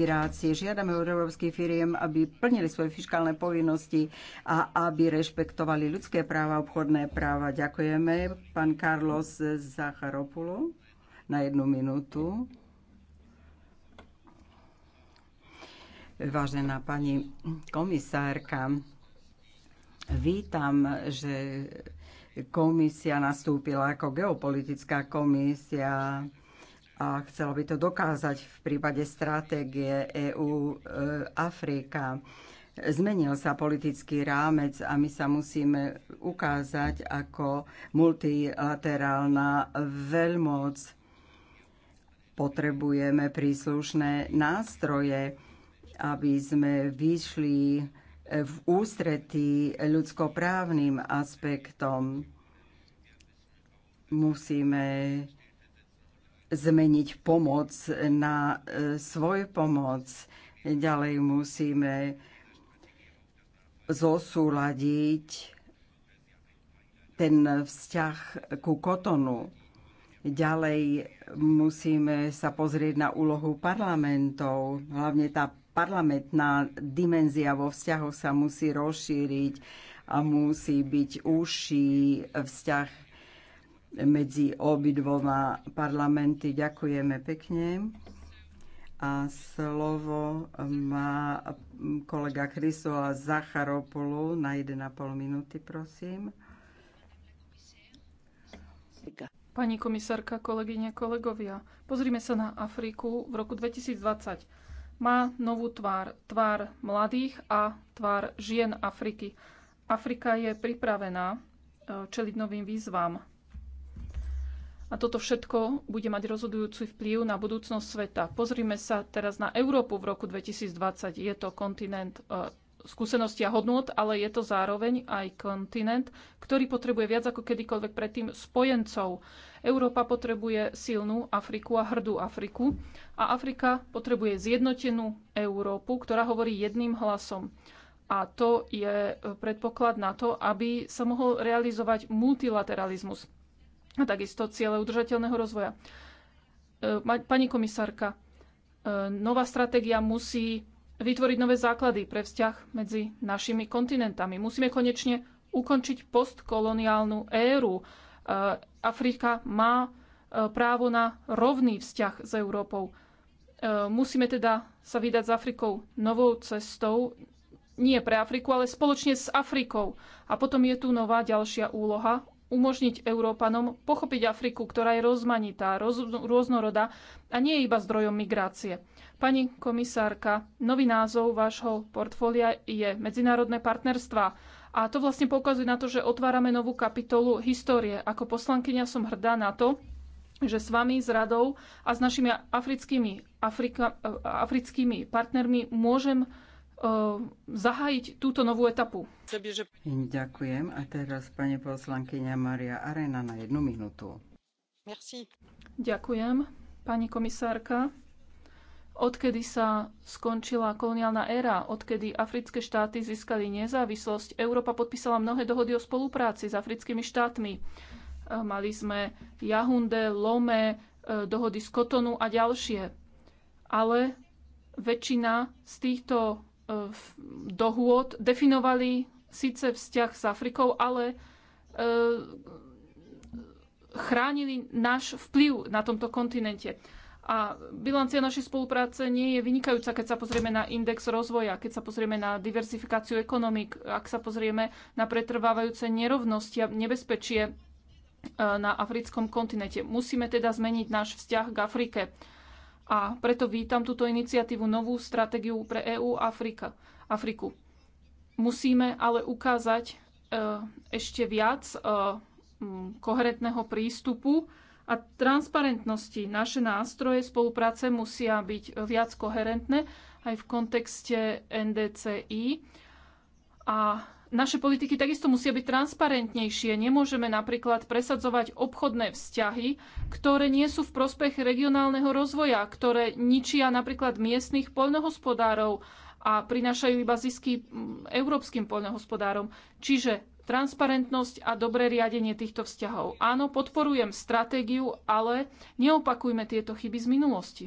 inšpirácie. Žiadame od európskych firiem, aby plnili svoje fiskálne povinnosti a aby rešpektovali ľudské práva, obchodné práva. Ďakujeme. Pán Carlos Zacharopulo na jednu minútu. Vážená pani komisárka, vítam, že komisia nastúpila ako geopolitická komisia a chcelo by to dokázať v prípade stratégie EÚ e, Afrika. Zmenil sa politický rámec a my sa musíme ukázať ako multilaterálna veľmoc. Potrebujeme príslušné nástroje, aby sme vyšli v ústretí ľudskoprávnym aspektom. Musíme zmeniť pomoc na e, svoj pomoc. Ďalej musíme zosúľadiť ten vzťah ku kotonu. Ďalej musíme sa pozrieť na úlohu parlamentov. Hlavne tá parlamentná dimenzia vo vzťahoch sa musí rozšíriť a musí byť užší vzťah medzi obidvoma parlamenty. Ďakujeme pekne. A slovo má kolega Chrysola Zacharopolu na 1,5 minúty, prosím. Pani komisárka, kolegyne, kolegovia, pozrime sa na Afriku v roku 2020. Má novú tvár, tvár mladých a tvár žien Afriky. Afrika je pripravená eh, čeliť novým výzvam. A toto všetko bude mať rozhodujúci vplyv na budúcnosť sveta. Pozrime sa teraz na Európu v roku 2020. Je to kontinent e, skúsenosti a hodnot, ale je to zároveň aj kontinent, ktorý potrebuje viac ako kedykoľvek predtým spojencov. Európa potrebuje silnú Afriku a hrdú Afriku a Afrika potrebuje zjednotenú Európu, ktorá hovorí jedným hlasom. A to je e, predpoklad na to, aby sa mohol realizovať multilateralizmus a takisto ciele udržateľného rozvoja. E, pani komisárka, e, nová stratégia musí vytvoriť nové základy pre vzťah medzi našimi kontinentami. Musíme konečne ukončiť postkoloniálnu éru. E, Afrika má právo na rovný vzťah s Európou. Musíme teda sa vydať s Afrikou novou cestou, nie pre Afriku, ale spoločne s Afrikou. A potom je tu nová ďalšia úloha umožniť Európanom pochopiť Afriku, ktorá je rozmanitá, roz, rôznorodá a nie je iba zdrojom migrácie. Pani komisárka, nový názov vášho portfólia je Medzinárodné partnerstva. A to vlastne poukazuje na to, že otvárame novú kapitolu histórie. Ako poslankyňa som hrdá na to, že s vami, s radou a s našimi africkými, Afrika, eh, africkými partnermi môžem Ehm, zahájiť túto novú etapu. Ďakujem. A teraz pani poslankyňa Maria Arena na jednu minútu. Merci. Ďakujem, pani komisárka. Odkedy sa skončila koloniálna éra, odkedy africké štáty získali nezávislosť, Európa podpísala mnohé dohody o spolupráci s africkými štátmi. Ehm, mali sme Jahunde, Lome, ehm, dohody z Kotonu a ďalšie. Ale väčšina z týchto E, dohôd definovali síce vzťah s Afrikou, ale e, chránili náš vplyv na tomto kontinente. A bilancia našej spolupráce nie je vynikajúca, keď sa pozrieme na index rozvoja, keď sa pozrieme na diversifikáciu ekonomik, ak sa pozrieme na pretrvávajúce nerovnosti a nebezpečie e, na africkom kontinente. Musíme teda zmeniť náš vzťah k Afrike. A preto vítam túto iniciatívu novú stratégiu pre EÚ Afrika, Afriku. Musíme ale ukázať e, ešte viac e, koherentného prístupu a transparentnosti. Naše nástroje spolupráce musia byť viac koherentné aj v kontexte NDCI a naše politiky takisto musia byť transparentnejšie. Nemôžeme napríklad presadzovať obchodné vzťahy, ktoré nie sú v prospech regionálneho rozvoja, ktoré ničia napríklad miestnych poľnohospodárov a prinášajú iba zisky európskym poľnohospodárom. Čiže transparentnosť a dobré riadenie týchto vzťahov. Áno, podporujem stratégiu, ale neopakujme tieto chyby z minulosti.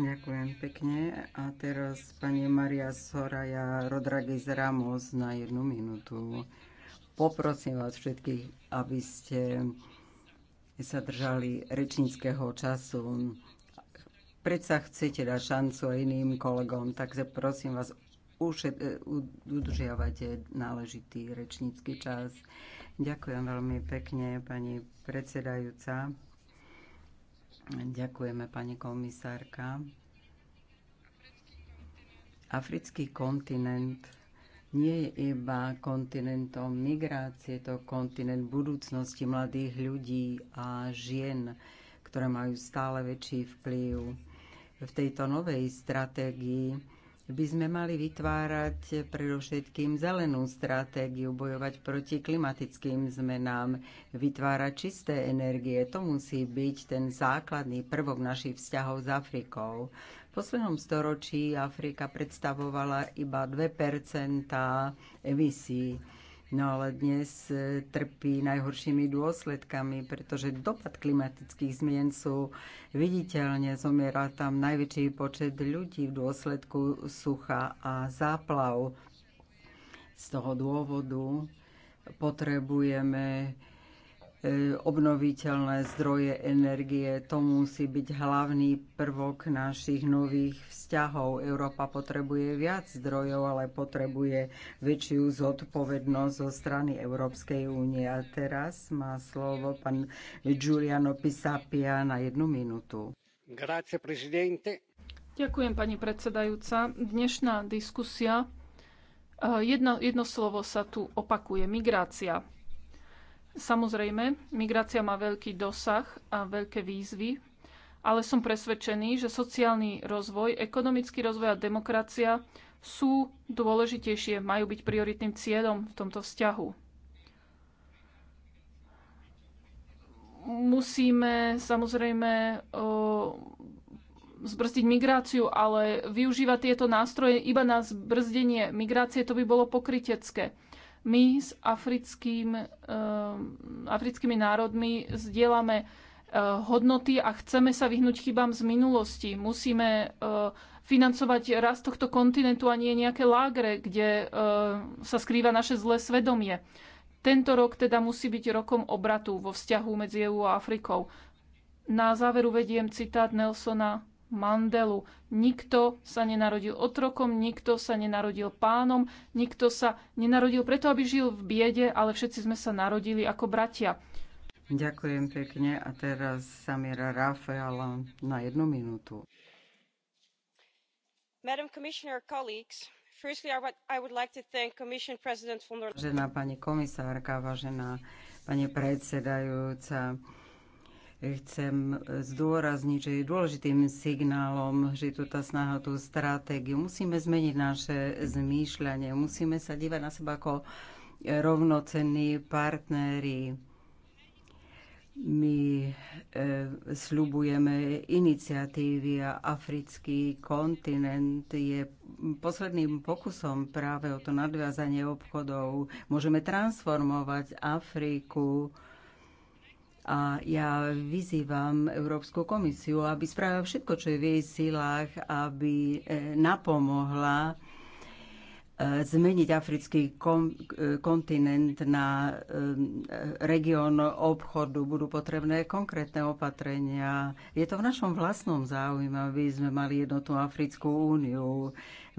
Ďakujem pekne. A teraz pani Maria Soraya Rodriguez Ramos na jednu minútu. Poprosím vás všetkých, aby ste sa držali rečníckého času. Predsa chcete dať šancu aj iným kolegom, takže prosím vás, ušet, udržiavate náležitý rečnícky čas. Ďakujem veľmi pekne, pani predsedajúca. Ďakujeme, pani komisárka. Africký kontinent nie je iba kontinentom migrácie, to kontinent budúcnosti mladých ľudí a žien, ktoré majú stále väčší vplyv. V tejto novej stratégii by sme mali vytvárať predovšetkým zelenú stratégiu, bojovať proti klimatickým zmenám, vytvárať čisté energie. To musí byť ten základný prvok našich vzťahov s Afrikou. V poslednom storočí Afrika predstavovala iba 2 emisí No ale dnes e, trpí najhoršími dôsledkami, pretože dopad klimatických zmien sú viditeľne. Zomiera tam najväčší počet ľudí v dôsledku sucha a záplav. Z toho dôvodu potrebujeme E, obnoviteľné zdroje energie. To musí byť hlavný prvok našich nových vzťahov. Európa potrebuje viac zdrojov, ale potrebuje väčšiu zodpovednosť zo strany Európskej únie. A teraz má slovo pán Giuliano Pisapia na jednu minútu. Grazie, presidente. Ďakujem, pani predsedajúca. Dnešná diskusia. E, jedno, jedno slovo sa tu opakuje. Migrácia. Samozrejme, migrácia má veľký dosah a veľké výzvy, ale som presvedčený, že sociálny rozvoj, ekonomický rozvoj a demokracia sú dôležitejšie, majú byť prioritným cieľom v tomto vzťahu. Musíme samozrejme zbrzdiť migráciu, ale využívať tieto nástroje iba na zbrzdenie migrácie, to by bolo pokrytecké my s africkým, ehm, africkými národmi zdieľame eh, hodnoty a chceme sa vyhnúť chybám z minulosti. Musíme eh, financovať rast tohto kontinentu a nie nejaké lágre, kde eh, sa skrýva naše zlé svedomie. Tento rok teda musí byť rokom obratu vo vzťahu medzi EU a Afrikou. Na záveru vediem citát Nelsona Mandelu. Nikto sa nenarodil otrokom, nikto sa nenarodil pánom, nikto sa nenarodil preto, aby žil v biede, ale všetci sme sa narodili ako bratia. Ďakujem pekne a teraz Samira Rafaela na jednu minútu. Madam Commissioner, colleagues, firstly I would like to thank Commission President von der Leyen. Vážená pani komisárka, vážená pani predsedajúca, Chcem zdôrazniť, že je dôležitým signálom, že je tu tá snaha, tú stratégiu. Musíme zmeniť naše zmýšľanie, musíme sa dívať na seba ako rovnocenní partnery. My e, sľubujeme iniciatívy a africký kontinent je posledným pokusom práve o to nadviazanie obchodov. Môžeme transformovať Afriku a ja vyzývam Európsku komisiu, aby spravila všetko, čo je v jej silách, aby e, napomohla e, zmeniť africký e, kontinent na región obchodu. Budú potrebné konkrétne opatrenia. Je to v našom vlastnom záujme, aby sme mali jednotnú Africkú úniu.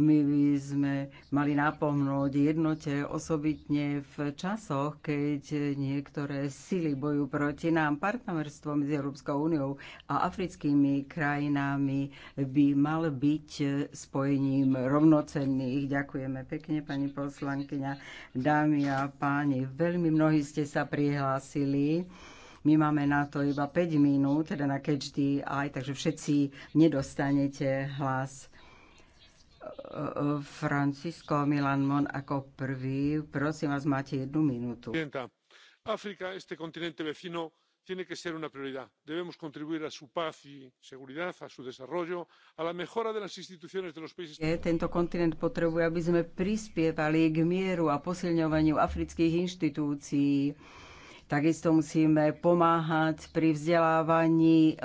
My by sme mali napomnúť jednote osobitne v časoch, keď niektoré sily bojujú proti nám. Partnerstvo medzi Európskou úniou a africkými krajinami by mal byť spojením rovnocenných. Ďakujeme pekne, pani poslankyňa, dámy a páni. Veľmi mnohí ste sa prihlásili. My máme na to iba 5 minút, teda na catch aj, takže všetci nedostanete hlas. Francisco Milan Mon ako prvý. Prosím vás, máte jednu minútu. Afrika, este continente vecino, tiene que ser una prioridad. Debemos contribuir a su paz y seguridad, a su desarrollo, a la mejora de las instituciones de los países. Tento kontinent potrebuje, aby sme prispievali k mieru a posilňovaniu afrických inštitúcií. Takisto musíme pomáhať pri vzdelávaní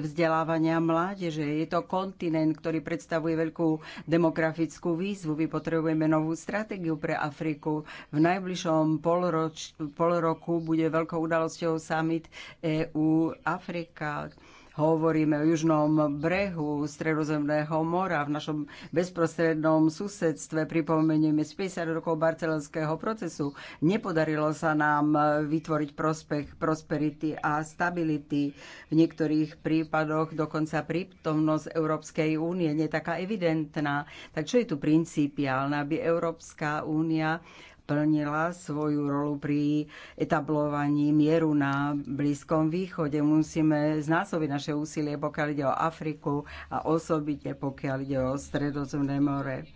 vzdelávania mládeže. Je to kontinent, ktorý predstavuje veľkú demografickú výzvu. My potrebujeme novú stratégiu pre Afriku. V najbližšom polroč, polroku bude veľkou udalosťou summit EU Afrika Hovoríme o južnom brehu Stredozemného mora v našom bezprostrednom susedstve. Pripomenieme z 50 rokov barcelonského procesu. Nepodarilo sa nám vytvoriť prospech prosperity a stability. V niektorých prípadoch dokonca prítomnosť Európskej únie nie je taká evidentná. Tak čo je tu principiálne, aby Európska únia plnila svoju rolu pri etablovaní mieru na Blízkom východe. Musíme znásobiť naše úsilie, pokiaľ ide o Afriku a osobite, pokiaľ ide o Stredozemné more.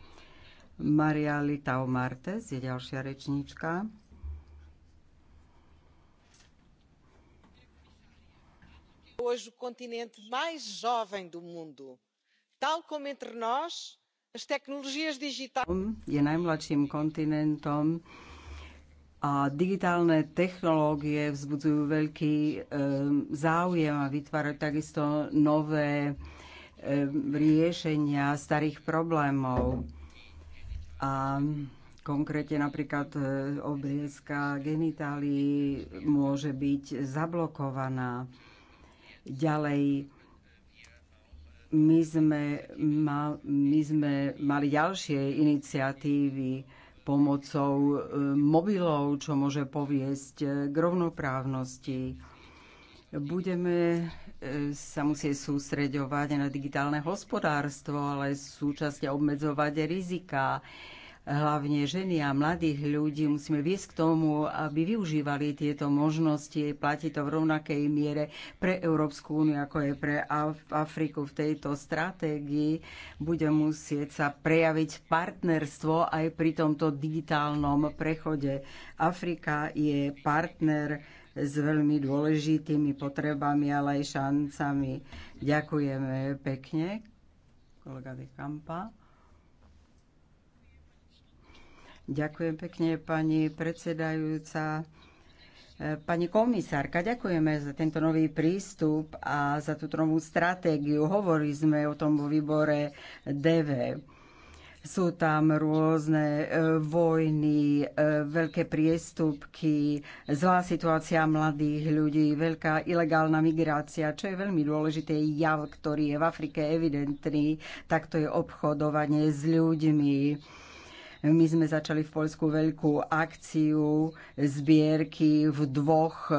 Maria Litao Martes je ďalšia rečníčka. Hoje o continente mais jovem do mundo. Tal como entre nós, je najmladším kontinentom a digitálne technológie vzbudzujú veľký záujem a vytvárajú takisto nové riešenia starých problémov. A konkrétne napríklad e, obriezka genitálií môže byť zablokovaná. Ďalej my sme, mal, my sme mali ďalšie iniciatívy pomocou e, mobilov, čo môže poviesť e, k rovnoprávnosti. Budeme e, sa musieť sústreďovať na digitálne hospodárstvo, ale súčasne obmedzovať rizika hlavne ženy a mladých ľudí musíme viesť k tomu, aby využívali tieto možnosti, platí to v rovnakej miere pre Európsku úniu, ako je pre Afriku v tejto stratégii. Bude musieť sa prejaviť partnerstvo aj pri tomto digitálnom prechode. Afrika je partner s veľmi dôležitými potrebami, ale aj šancami. Ďakujeme pekne, kolega de Campa. Ďakujem pekne, pani predsedajúca. E, pani komisárka, ďakujeme za tento nový prístup a za túto novú stratégiu. Hovorili sme o tom vo výbore DV. Sú tam rôzne e, vojny, e, veľké priestupky, zlá situácia mladých ľudí, veľká ilegálna migrácia, čo je veľmi dôležitý jav, ktorý je v Afrike evidentný, tak to je obchodovanie s ľuďmi my sme začali v Polsku veľkú akciu zbierky v dvoch e, e,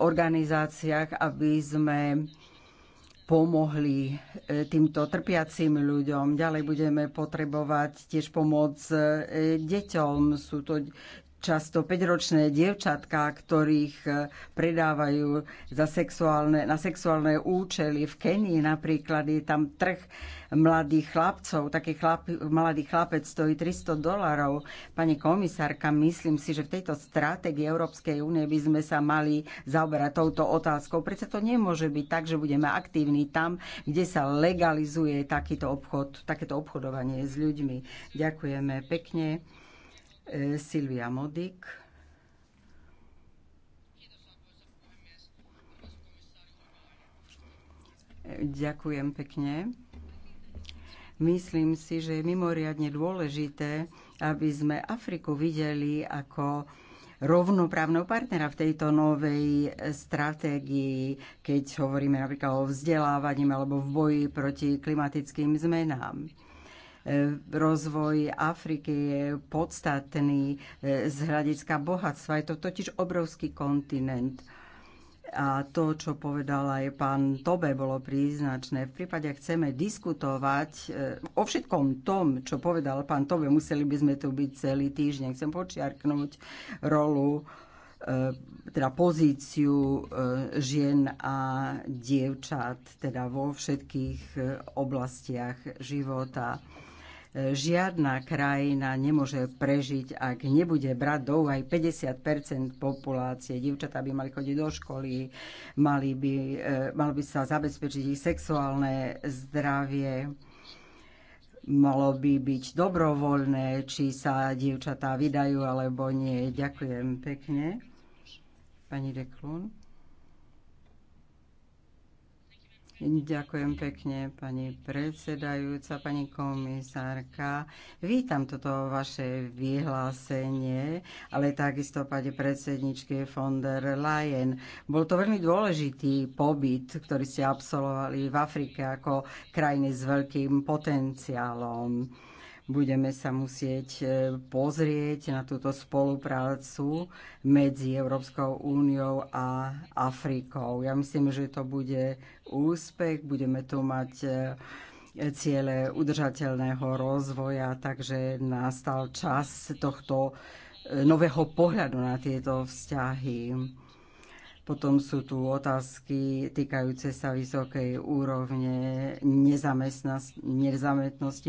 organizáciách, aby sme pomohli e, týmto trpiacim ľuďom. Ďalej budeme potrebovať tiež pomoc deťom. Sú to často 5-ročné dievčatká, ktorých e, predávajú za sexuálne, na sexuálne účely. V Kenii napríklad je tam trh mladých chlapcov. Taký chlap, mladý chlapec stojí 300 dolarov. Pani komisárka, myslím si, že v tejto stratégii Európskej únie by sme sa mali zaoberať touto otázkou. Prečo to nemôže byť tak, že budeme aktívni tam, kde sa legalizuje takýto obchod, takéto obchodovanie s ľuďmi. Ďakujeme pekne. E, Silvia Modik. E, ďakujem pekne. Myslím si, že je mimoriadne dôležité, aby sme Afriku videli ako rovnoprávneho partnera v tejto novej stratégii, keď hovoríme napríklad o vzdelávaní alebo v boji proti klimatickým zmenám. E, rozvoj Afriky je podstatný e, z hľadiska bohatstva. Je to totiž obrovský kontinent. A to, čo povedal aj pán Tobe, bolo príznačné. V prípade, ak chceme diskutovať e, o všetkom tom, čo povedal pán Tobe, museli by sme tu byť celý týždeň. Chcem počiarknúť rolu teda pozíciu žien a dievčat teda vo všetkých oblastiach života. Žiadna krajina nemôže prežiť, ak nebude brať do aj 50 populácie. Dievčatá by mali chodiť do školy, mali by, e, mal by sa zabezpečiť ich sexuálne zdravie malo by byť dobrovoľné, či sa dievčatá vydajú alebo nie. Ďakujem pekne. Pani Deklun. Ďakujem pekne, pani predsedajúca, pani komisárka. Vítam toto vaše vyhlásenie, ale takisto pani predsedničky von der Leyen. Bol to veľmi dôležitý pobyt, ktorý ste absolvovali v Afrike ako krajiny s veľkým potenciálom. Budeme sa musieť e, pozrieť na túto spoluprácu medzi Európskou úniou a Afrikou. Ja myslím, že to bude úspech. Budeme tu mať e, ciele udržateľného rozvoja, takže nastal čas tohto e, nového pohľadu na tieto vzťahy. Potom sú tu otázky týkajúce sa vysokej úrovne nezamestnosti.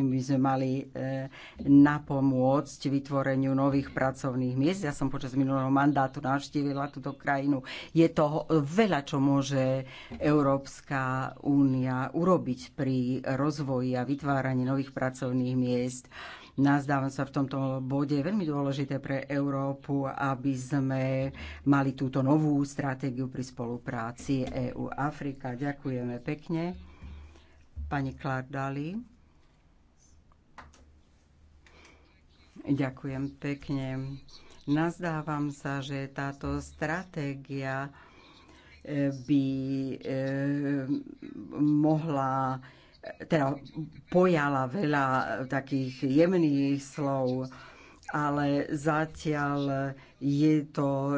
My sme mali e, napomôcť vytvoreniu nových pracovných miest. Ja som počas minulého mandátu navštívila túto krajinu. Je to veľa, čo môže Európska únia urobiť pri rozvoji a vytváraní nových pracovných miest. Nazdávam sa v tomto bode veľmi dôležité pre Európu, aby sme mali túto novú stratégiu pri spolupráci EU-Afrika. Ďakujeme pekne. Pani Klardali. Ďakujem pekne. Nazdávam sa, že táto stratégia eh, by eh, mohla teda pojala veľa takých jemných slov, ale zatiaľ je to e,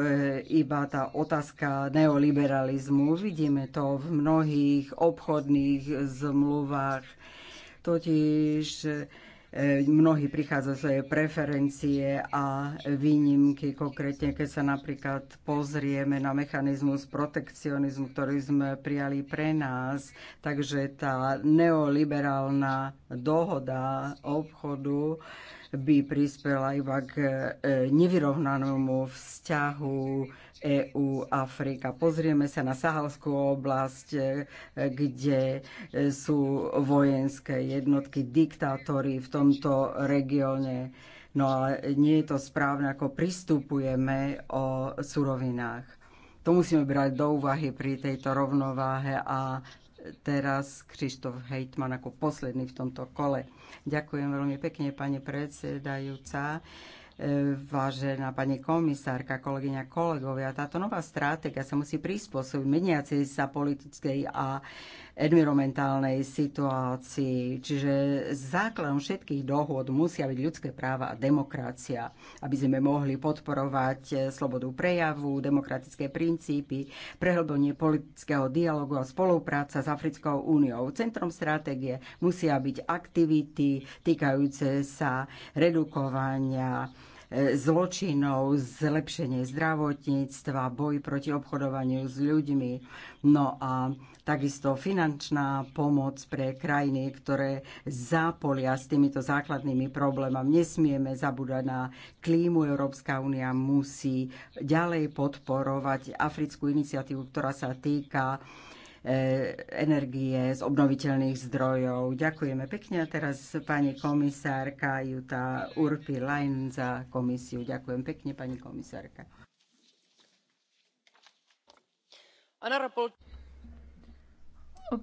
iba tá otázka neoliberalizmu. Vidíme to v mnohých obchodných zmluvách. Totiž E, mnohí prichádzajú svoje preferencie a výnimky, konkrétne keď sa napríklad pozrieme na mechanizmus protekcionizmu, ktorý sme prijali pre nás. Takže tá neoliberálna dohoda obchodu by prispela iba k e, nevyrovnanému vzťahu EU Afrika. Pozrieme sa na Sahalskú oblasť, e, kde e, sú vojenské jednotky, diktátory v tomto regióne. No ale nie je to správne, ako pristupujeme o surovinách. To musíme brať do úvahy pri tejto rovnováhe a teraz Krištof Hejtman ako posledný v tomto kole. Ďakujem veľmi pekne, pani predsedajúca vážená pani komisárka, kolegyňa, kolegovia. Táto nová stratégia sa musí prispôsobiť meniacej sa politickej a environmentálnej situácii. Čiže základom všetkých dohôd musia byť ľudské práva a demokracia, aby sme mohli podporovať slobodu prejavu, demokratické princípy, prehlbenie politického dialogu a spolupráca s Africkou úniou. Centrom stratégie musia byť aktivity týkajúce sa redukovania E, zločinov, zlepšenie zdravotníctva, boj proti obchodovaniu s ľuďmi, no a takisto finančná pomoc pre krajiny, ktoré zápolia s týmito základnými problémami. Nesmieme zabúdať na klímu. Európska únia musí ďalej podporovať africkú iniciatívu, ktorá sa týka Eh, energie z obnoviteľných zdrojov. Ďakujeme pekne. A teraz pani komisárka Juta Urpi Lein za komisiu. Ďakujem pekne, pani komisárka.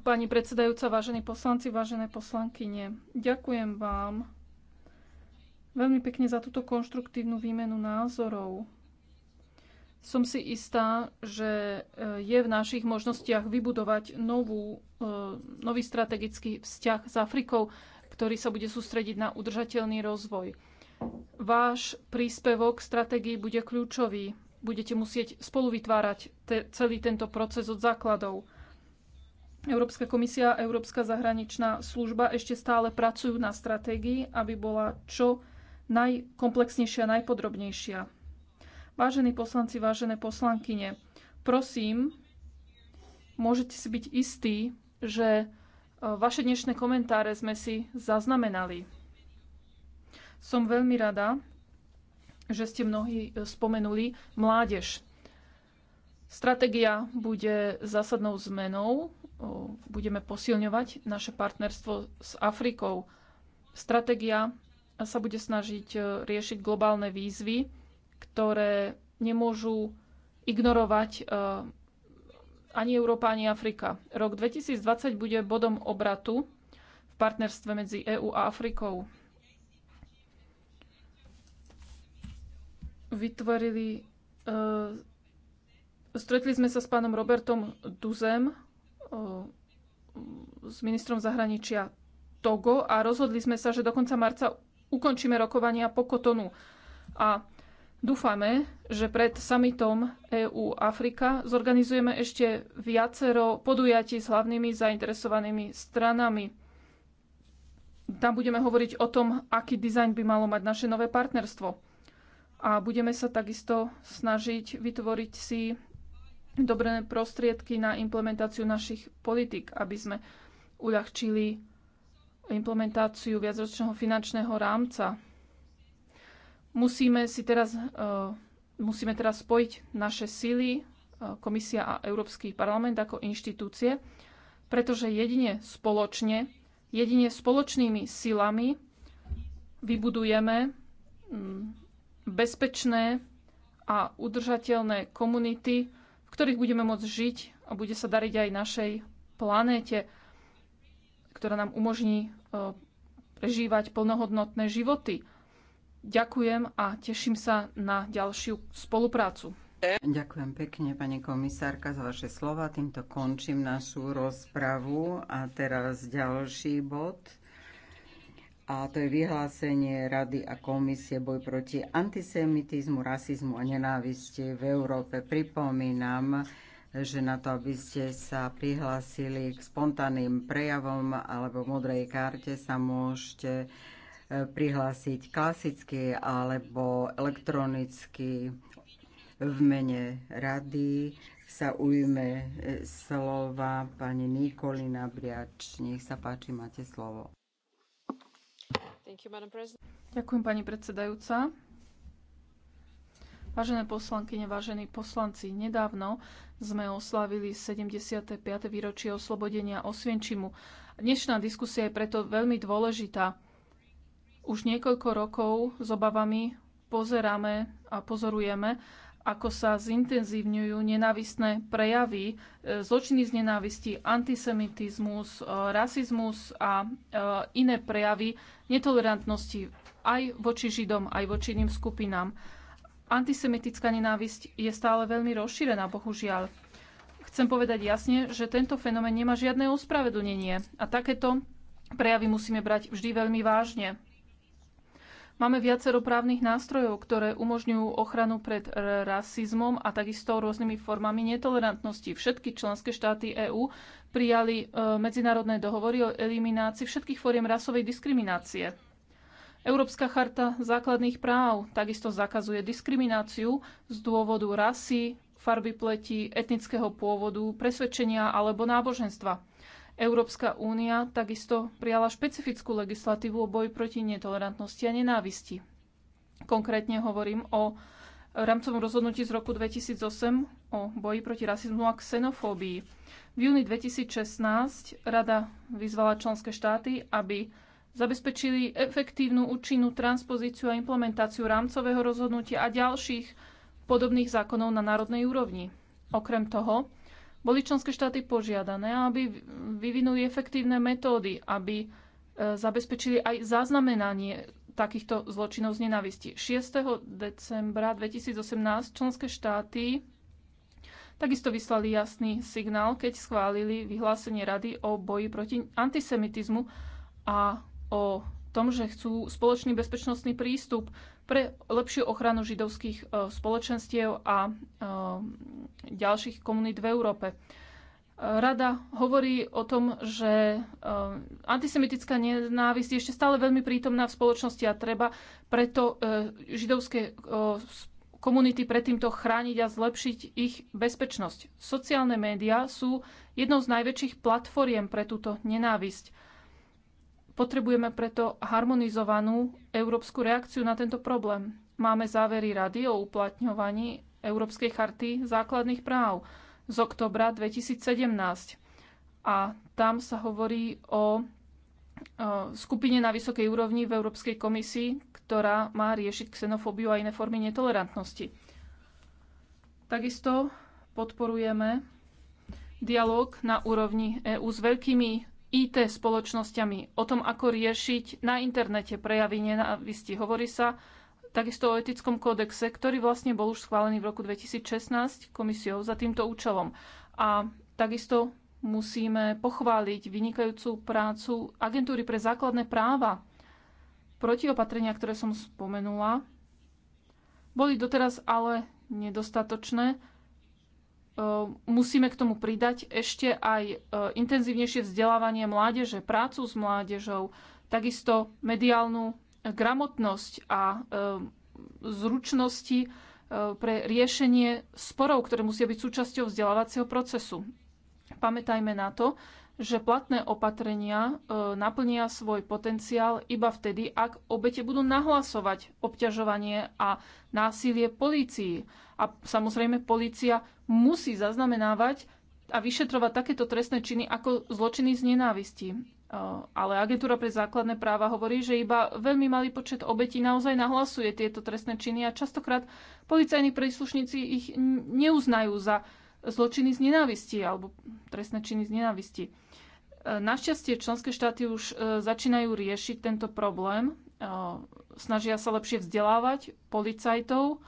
Pani predsedajúca, vážení poslanci, vážené poslankyne, ďakujem vám veľmi pekne za túto konštruktívnu výmenu názorov. Som si istá, že e, je v našich možnostiach vybudovať novú, e, nový strategický vzťah s Afrikou, ktorý sa bude sústrediť na udržateľný rozvoj. Váš príspevok k stratégii bude kľúčový. Budete musieť spolu vytvárať te, celý tento proces od základov. Európska komisia a Európska zahraničná služba ešte stále pracujú na stratégii, aby bola čo najkomplexnejšia, najpodrobnejšia. Vážení poslanci, vážené poslankyne, prosím, môžete si byť istí, že e, vaše dnešné komentáre sme si zaznamenali. Som veľmi rada, že ste mnohí e, spomenuli mládež. Stratégia bude zásadnou zmenou. E, budeme posilňovať naše partnerstvo s Afrikou. Stratégia sa bude snažiť riešiť globálne výzvy ktoré nemôžu ignorovať e, ani Európa, ani Afrika. Rok 2020 bude bodom obratu v partnerstve medzi EÚ a Afrikou. Vytvorili, uh, stretli sme sa s pánom Robertom Duzem, uh, s ministrom zahraničia Togo a rozhodli sme sa, že do konca marca ukončíme rokovania po Kotonu. A Dúfame, že pred summitom EU-Afrika zorganizujeme ešte viacero podujatí s hlavnými zainteresovanými stranami. Tam budeme hovoriť o tom, aký dizajn by malo mať naše nové partnerstvo. A budeme sa takisto snažiť vytvoriť si dobré prostriedky na implementáciu našich politik, aby sme uľahčili implementáciu viacročného finančného rámca Musíme si teraz, eh, musíme teraz spojiť naše síly, eh, Komisia a Európsky parlament ako inštitúcie, pretože jedine spoločne, jedine spoločnými silami vybudujeme mm, bezpečné a udržateľné komunity, v ktorých budeme môcť žiť a bude sa dariť aj našej planéte, ktorá nám umožní eh, prežívať plnohodnotné životy. Ďakujem a teším sa na ďalšiu spoluprácu. Ďakujem pekne, pani komisárka, za vaše slova. Týmto končím našu rozpravu. A teraz ďalší bod. A to je vyhlásenie Rady a komisie boj proti antisemitizmu, rasizmu a nenávisti v Európe. Pripomínam, že na to, aby ste sa prihlásili k spontánnym prejavom alebo modrej karte, sa môžete prihlásiť klasicky alebo elektronicky v mene rady sa ujme slova pani Nikolina Briač. Nech sa páči, máte slovo. Ďakujem, pani predsedajúca. Vážené poslankyne, vážení poslanci, nedávno sme oslavili 75. výročie oslobodenia Osvienčimu. Dnešná diskusia je preto veľmi dôležitá. Už niekoľko rokov s obavami pozeráme a pozorujeme, ako sa zintenzívňujú nenávistné prejavy, e, zločiny z nenávisti, antisemitizmus, e, rasizmus a e, iné prejavy netolerantnosti aj voči Židom, aj voči iným skupinám. Antisemitická nenávisť je stále veľmi rozšírená, bohužiaľ. Chcem povedať jasne, že tento fenomén nemá žiadne ospravedlnenie a takéto prejavy musíme brať vždy veľmi vážne. Máme viacero právnych nástrojov, ktoré umožňujú ochranu pred rasizmom a takisto rôznymi formami netolerantnosti. Všetky členské štáty EÚ prijali e, medzinárodné dohovory o eliminácii všetkých fóriem rasovej diskriminácie. Európska charta základných práv takisto zakazuje diskrimináciu z dôvodu rasy, farby pleti, etnického pôvodu, presvedčenia alebo náboženstva. Európska únia takisto prijala špecifickú legislatívu o boji proti netolerantnosti a nenávisti. Konkrétne hovorím o rámcovom rozhodnutí z roku 2008 o boji proti rasizmu a xenofóbii. V júni 2016 Rada vyzvala členské štáty, aby zabezpečili efektívnu účinnú transpozíciu a implementáciu rámcového rozhodnutia a ďalších podobných zákonov na národnej úrovni. Okrem toho, boli členské štáty požiadané, aby vyvinuli efektívne metódy, aby e, zabezpečili aj zaznamenanie takýchto zločinov z nenavisti. 6. decembra 2018 členské štáty takisto vyslali jasný signál, keď schválili vyhlásenie Rady o boji proti antisemitizmu a o tom, že chcú spoločný bezpečnostný prístup pre lepšiu ochranu židovských e, spoločenstiev a e, ďalších komunít v Európe. E, Rada hovorí o tom, že antisemitická nenávisť je ešte stále veľmi prítomná v spoločnosti a treba preto židovské komunity pred týmto chrániť a zlepšiť ich bezpečnosť. Sociálne médiá sú jednou z najväčších platformiem pre túto nenávisť. Potrebujeme preto harmonizovanú európsku reakciu na tento problém. Máme závery Rady o uplatňovaní Európskej charty základných práv z oktobra 2017. A tam sa hovorí o skupine na vysokej úrovni v Európskej komisii, ktorá má riešiť xenofóbiu a iné formy netolerantnosti. Takisto podporujeme dialog na úrovni EÚ s veľkými IT spoločnosťami, o tom, ako riešiť na internete prejavy nenávisti. Hovorí sa takisto o etickom kódexe, ktorý vlastne bol už schválený v roku 2016 komisiou za týmto účelom. A takisto musíme pochváliť vynikajúcu prácu agentúry pre základné práva. Protiopatrenia, ktoré som spomenula, boli doteraz ale nedostatočné Ehm, musíme k tomu pridať ešte aj e, intenzívnejšie vzdelávanie mládeže, prácu s mládežou, takisto mediálnu e, gramotnosť a ehm, zručnosti e, pre riešenie sporov, ktoré musia byť súčasťou vzdelávacieho procesu. Pamätajme na to, že platné opatrenia e, naplnia svoj potenciál iba vtedy, ak obete budú nahlasovať obťažovanie a násilie polícii. A samozrejme, polícia musí zaznamenávať a vyšetrovať takéto trestné činy ako zločiny z nenávisti. E, ale agentúra pre základné práva hovorí, že iba veľmi malý počet obetí naozaj nahlasuje tieto trestné činy a častokrát policajní príslušníci ich neuznajú za zločiny z nenávisti alebo trestné činy z nenávisti. E, našťastie členské štáty už e, začínajú riešiť tento problém, e, snažia sa lepšie vzdelávať policajtov,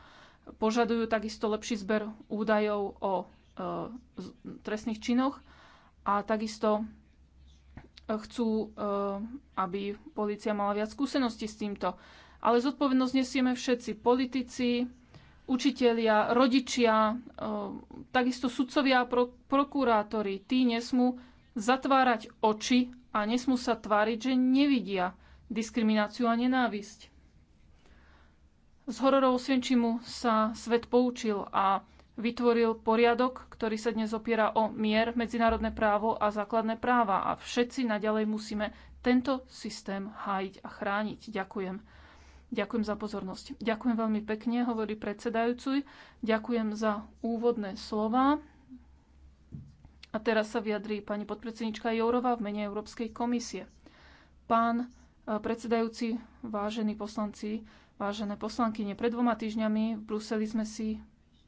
požadujú takisto lepší zber údajov o trestných činoch a takisto chcú, aby policia mala viac skúseností s týmto. Ale zodpovednosť nesieme všetci, politici, učitelia, rodičia, e, takisto sudcovia a prokurátori. Tí nesmú zatvárať oči a nesmú sa tváriť, že nevidia diskrimináciu a nenávisť. Z hororov Svienčimu sa svet poučil a vytvoril poriadok, ktorý sa dnes opiera o mier, medzinárodné právo a základné práva. A všetci naďalej musíme tento systém hájiť a chrániť. Ďakujem. Ďakujem za pozornosť. Ďakujem veľmi pekne, hovorí predsedajúci. Ďakujem za úvodné slova. A teraz sa vyjadrí pani podpredsednička Jourová v mene Európskej komisie. Pán eh, predsedajúci, vážení poslanci, vážené poslankyne, pred dvoma týždňami v Bruseli sme si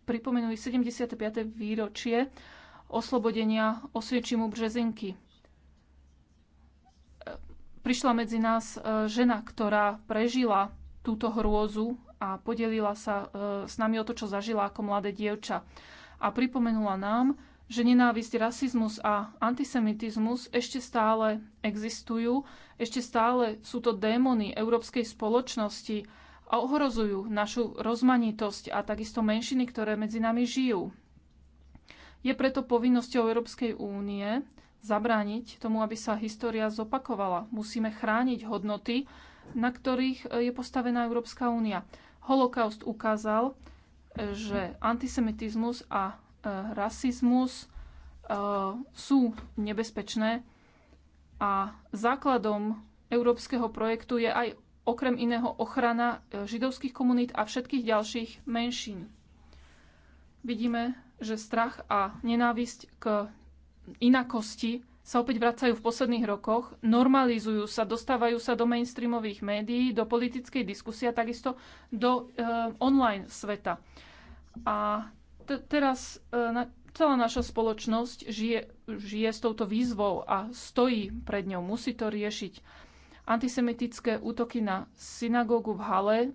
pripomenuli 75. výročie oslobodenia Osviečimu Březinky. Eh, prišla medzi nás eh, žena, ktorá prežila túto hrôzu a podelila sa e, s nami o to, čo zažila ako mladé dievča. A pripomenula nám, že nenávisť, rasizmus a antisemitizmus ešte stále existujú, ešte stále sú to démony európskej spoločnosti a ohrozujú našu rozmanitosť a takisto menšiny, ktoré medzi nami žijú. Je preto povinnosťou Európskej únie zabrániť tomu, aby sa história zopakovala. Musíme chrániť hodnoty, na ktorých e, je postavená Európska únia. Holokaust ukázal, e, že antisemitizmus a e, rasizmus sú nebezpečné a základom európskeho projektu je aj okrem iného ochrana židovských komunít a všetkých ďalších menšín. Vidíme, že strach a nenávisť k inakosti sa opäť vracajú v posledných rokoch, normalizujú sa, dostávajú sa do mainstreamových médií, do politickej diskusie a takisto do e, online sveta. A te, teraz e, na, celá naša spoločnosť žije, žije s touto výzvou a stojí pred ňou, musí to riešiť. Antisemitické útoky na synagógu v Hale e,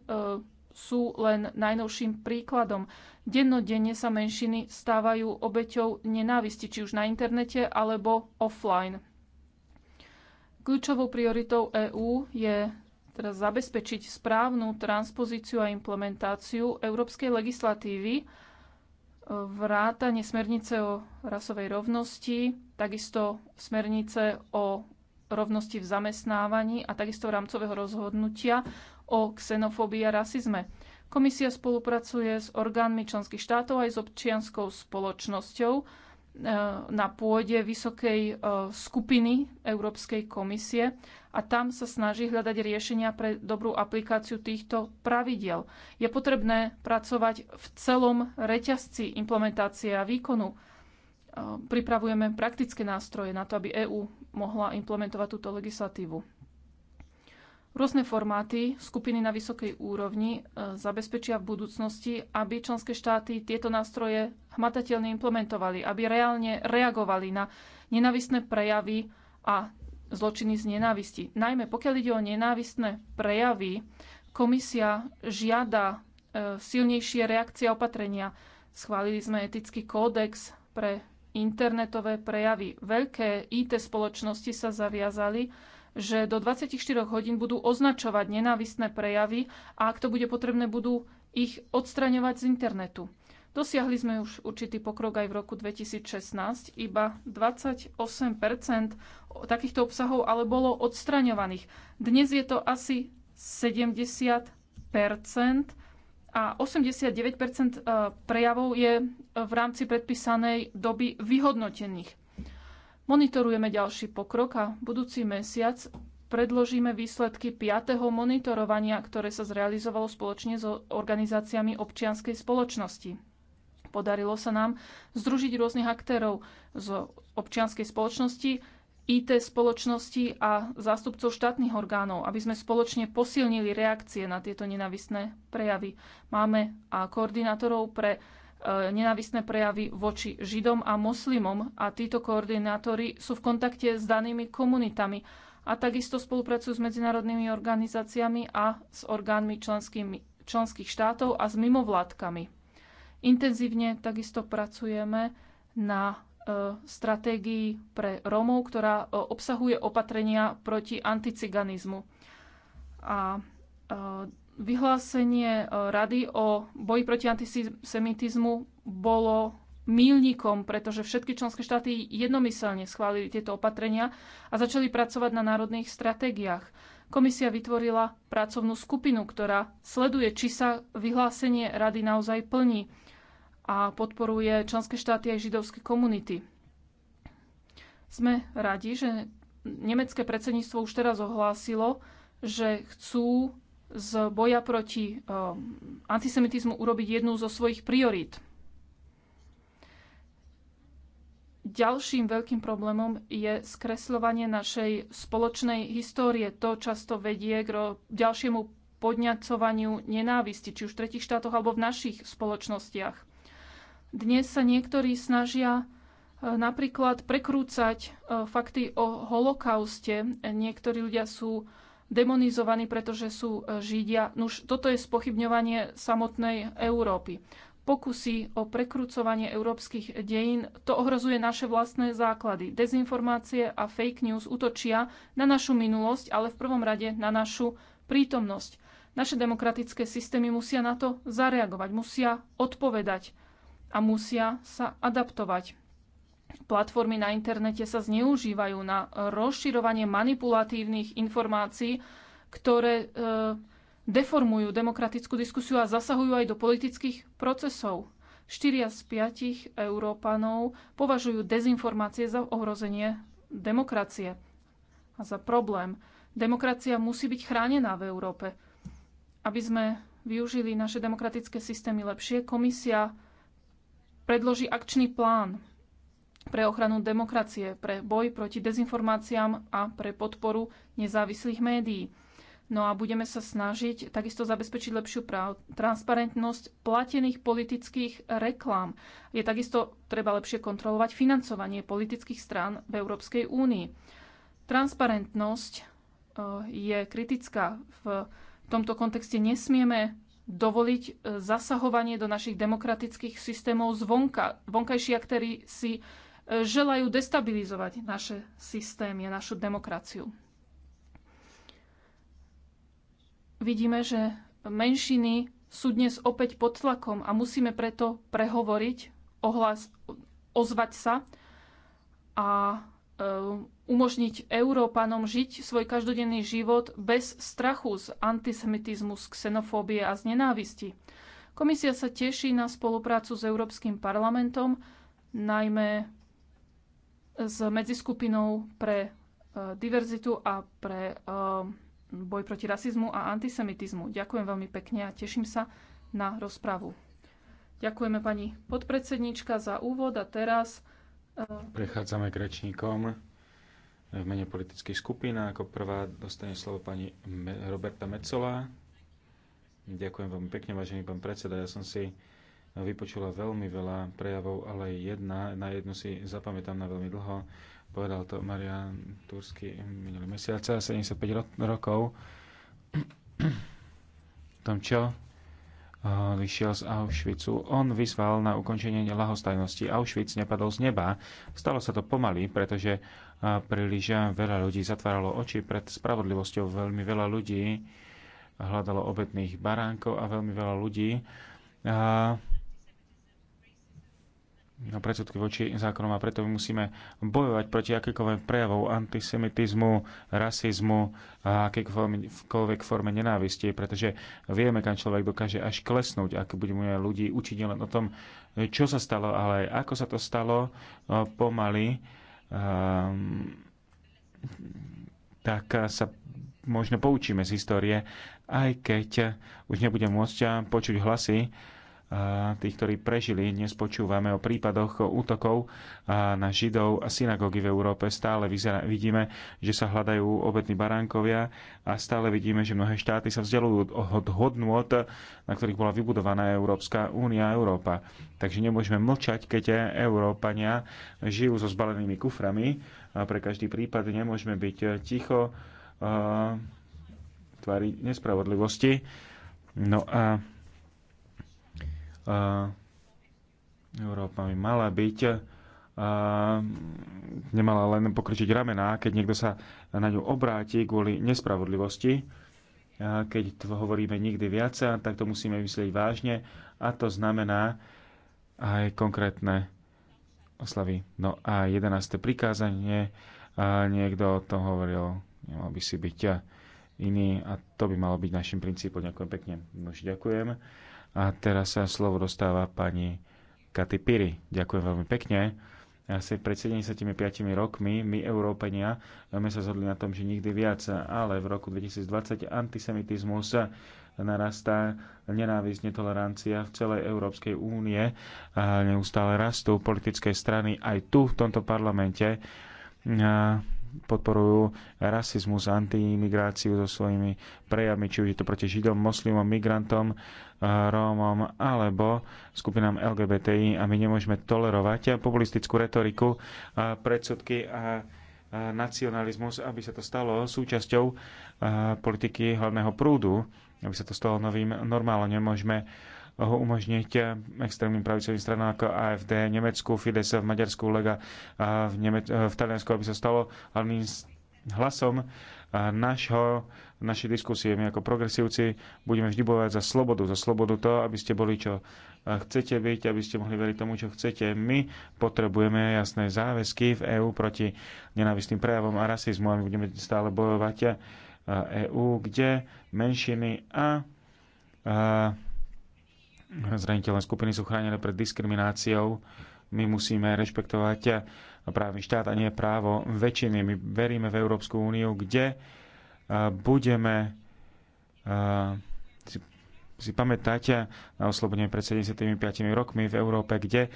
sú len najnovším príkladom. Dennodenne sa menšiny stávajú obeťou nenávisti, či už na internete alebo offline. Kľúčovou prioritou EÚ je teraz zabezpečiť správnu transpozíciu a implementáciu európskej legislatívy, vrátanie smernice o rasovej rovnosti, takisto smernice o rovnosti v zamestnávaní a takisto rámcového rozhodnutia o xenofóbii a rasizme. Komisia spolupracuje s orgánmi členských štátov aj s občianskou spoločnosťou e, na pôde vysokej e, skupiny Európskej komisie a tam sa snaží hľadať riešenia pre dobrú aplikáciu týchto pravidiel. Je potrebné pracovať v celom reťazci implementácie a výkonu. E, pripravujeme praktické nástroje na to, aby EÚ mohla implementovať túto legislatívu. Rôzne formáty skupiny na vysokej úrovni e, zabezpečia v budúcnosti, aby členské štáty tieto nástroje hmatateľne implementovali, aby reálne reagovali na nenavistné prejavy a zločiny z nenávisti. Najmä pokiaľ ide o nenávistné prejavy, komisia žiada e, silnejšie reakcie a opatrenia. Schválili sme etický kódex pre internetové prejavy. Veľké IT spoločnosti sa zaviazali, že do 24 hodín budú označovať nenávistné prejavy a ak to bude potrebné, budú ich odstraňovať z internetu. Dosiahli sme už určitý pokrok aj v roku 2016. Iba 28 takýchto obsahov ale bolo odstraňovaných. Dnes je to asi 70 a 89 e, prejavov je v rámci predpísanej doby vyhodnotených. Monitorujeme ďalší pokrok a budúci mesiac predložíme výsledky 5. monitorovania, ktoré sa zrealizovalo spoločne s organizáciami občianskej spoločnosti. Podarilo sa nám združiť rôznych aktérov z občianskej spoločnosti, IT spoločnosti a zástupcov štátnych orgánov, aby sme spoločne posilnili reakcie na tieto nenavistné prejavy. Máme a koordinátorov pre Eh, nenávistné prejavy voči Židom a moslimom a títo koordinátori sú v kontakte s danými komunitami a takisto spolupracujú s medzinárodnými organizáciami a s orgánmi členských štátov a s mimovládkami. Intenzívne takisto pracujeme na eh, stratégii pre Rómov, ktorá eh, obsahuje opatrenia proti anticiganizmu. A vyhlásenie e, rady o boji proti antisemitizmu bolo mílnikom, pretože všetky členské štáty jednomyselne schválili tieto opatrenia a začali pracovať na národných stratégiách. Komisia vytvorila pracovnú skupinu, ktorá sleduje, či sa vyhlásenie rady naozaj plní a podporuje členské štáty aj židovské komunity. Sme radi, že nemecké predsedníctvo už teraz ohlásilo, že chcú z boja proti um, antisemitizmu urobiť jednu zo svojich priorít. Ďalším veľkým problémom je skresľovanie našej spoločnej histórie. To často vedie k ďalšiemu podňacovaniu nenávisti, či už v tretich štátoch alebo v našich spoločnostiach. Dnes sa niektorí snažia e, napríklad prekrúcať e, fakty o holokauste. Niektorí ľudia sú demonizovaní, pretože sú e, Židia. Nuž, toto je spochybňovanie samotnej Európy. Pokusy o prekrucovanie európskych dejín, to ohrozuje naše vlastné základy. Dezinformácie a fake news útočia na našu minulosť, ale v prvom rade na našu prítomnosť. Naše demokratické systémy musia na to zareagovať, musia odpovedať a musia sa adaptovať. Platformy na internete sa zneužívajú na rozširovanie manipulatívnych informácií, ktoré e, deformujú demokratickú diskusiu a zasahujú aj do politických procesov. 4 z 5 Európanov považujú dezinformácie za ohrozenie demokracie a za problém. Demokracia musí byť chránená v Európe. Aby sme využili naše demokratické systémy lepšie, komisia predloží akčný plán pre ochranu demokracie, pre boj proti dezinformáciám a pre podporu nezávislých médií. No a budeme sa snažiť takisto zabezpečiť lepšiu práv, transparentnosť platených politických reklám. Je takisto treba lepšie kontrolovať financovanie politických strán v Európskej únii. Transparentnosť e, je kritická. V tomto kontexte nesmieme dovoliť e, zasahovanie do našich demokratických systémov zvonka. Vonkajší aktéry si želajú destabilizovať naše systémy a našu demokraciu. Vidíme, že menšiny sú dnes opäť pod tlakom a musíme preto prehovoriť, ohlas, ozvať sa a e, umožniť Európanom žiť svoj každodenný život bez strachu z antisemitizmu, z xenofóbie a z nenávisti. Komisia sa teší na spoluprácu s Európskym parlamentom, najmä s medziskupinou pre e, diverzitu a pre e, boj proti rasizmu a antisemitizmu. Ďakujem veľmi pekne a teším sa na rozpravu. Ďakujeme pani podpredsednička za úvod a teraz... E, Prechádzame k rečníkom v mene politických skupín. Ako prvá dostane slovo pani Roberta Mecola. Ďakujem veľmi pekne, vážený pán predseda. Ja som si vypočula veľmi veľa prejavov, ale jedna, na jednu si zapamätám na veľmi dlho. Povedal to Marian Tursky minulý mesiac, 75 ro- rokov. Tom čo? vyšiel z Auschwitzu. On vyzval na ukončenie lahostajnosti. Auschwitz nepadol z neba. Stalo sa to pomaly, pretože príliš veľa ľudí zatváralo oči pred spravodlivosťou. Veľmi veľa ľudí hľadalo obetných baránkov a veľmi veľa ľudí a predsudky voči zákonom a preto my musíme bojovať proti akýkoľvek prejavov antisemitizmu, rasizmu a akýkoľvek forme nenávisti, pretože vieme, kam človek dokáže až klesnúť, ak budeme ľudí učiť len o tom, čo sa stalo, ale aj ako sa to stalo no, pomaly, ehm, tak sa možno poučíme z histórie, aj keď už nebudem môcť počuť hlasy, tých, ktorí prežili. Dnes počúvame o prípadoch útokov na židov a synagógy v Európe. Stále vidíme, že sa hľadajú obetní baránkovia a stále vidíme, že mnohé štáty sa vzdelujú od hodnot, na ktorých bola vybudovaná Európska únia a Európa. Takže nemôžeme mlčať, keď Európania žijú so zbalenými kuframi. A pre každý prípad nemôžeme byť ticho tvári nespravodlivosti. No a Európa by mala byť nemala len pokrčiť ramená, keď niekto sa na ňu obráti kvôli nespravodlivosti. Keď hovoríme nikdy viac, tak to musíme myslieť vážne a to znamená aj konkrétne oslavy. No a 11. prikázanie, niekto o tom hovoril, nemal by si byť iný a to by malo byť našim princípom. Ďakujem pekne. Nož ďakujem. A teraz sa slovo dostáva pani Katy Piri. Ďakujem veľmi pekne. Asi pred 75 rokmi my, Európania, sme sa zhodli na tom, že nikdy viac, ale v roku 2020 antisemitizmus narastá nenávisť, netolerancia v celej Európskej únie, a neustále rastú politické strany aj tu, v tomto parlamente. A podporujú rasizmus, antiimigráciu so svojimi prejavmi, či už je to proti Židom, moslimom, migrantom, eh, Rómom alebo skupinám LGBTI a my nemôžeme tolerovať populistickú retoriku, predsudky a nacionalizmus, aby sa to stalo súčasťou eh, politiky hlavného prúdu, aby sa to stalo novým normálom. Nemôžeme ho umožniť extrémnym pravicovým stranám ako AFD v Nemecku, Fides v Maďarsku, Lega v, Nemec- e, v Taliansku, aby sa stalo hlavným hlasom našho, naše diskusie. My ako progresívci budeme vždy bojovať za slobodu, za slobodu to, aby ste boli čo e, chcete byť, aby ste mohli veriť tomu, čo chcete. My potrebujeme jasné záväzky v EÚ proti nenávistným prejavom a rasizmu a my budeme stále bojovať EÚ, e kde menšiny a, a zraniteľné skupiny sú chránené pred diskrimináciou. My musíme rešpektovať právny štát a nie právo väčšiny. My veríme v Európsku úniu, kde budeme si, si pamätáte na oslobodenie pred 75 rokmi v Európe, kde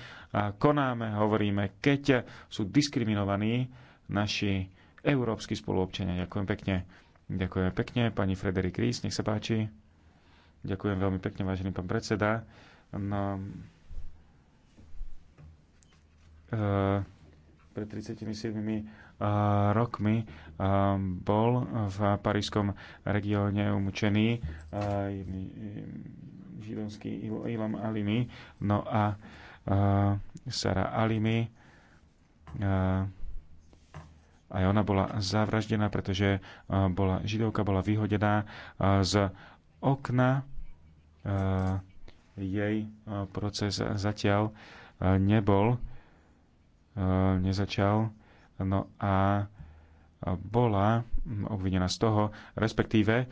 konáme, hovoríme, keď sú diskriminovaní naši európsky spoluobčania. Ďakujem pekne. Ďakujeme pekne. Pani Frederik Ries, nech sa páči. Ďakujem veľmi pekne, vážený pán predseda. No, uh, pred 37 e, rokmi e, bol v parížskom regióne umúčený židovský Ilam Alimi, no a Sara Alimi aj ona bola zavraždená, pretože bola židovka, bola vyhodená z okna Eh, jej eh, proces zatiaľ eh, nebol, nezačal. No a bola mm, obvinená z toho, respektíve